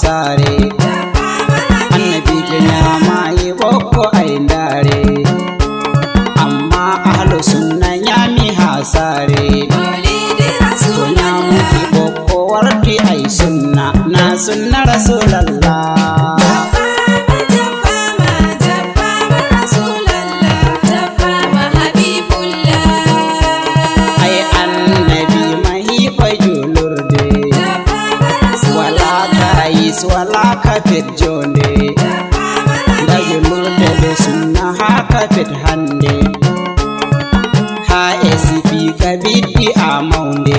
sare annabi kenya nyama yi boko a dare amma ahlu sunna ya mi hasare to ya muke boko warti ai sunna na sunna rasul su ala kafet jone daji murtala sunna ha kafet hande ha esifi kabiddi a maunde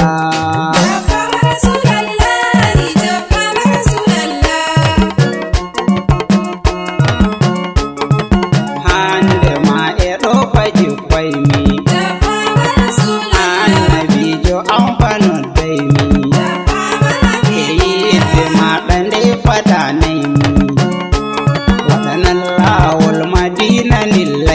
Manila.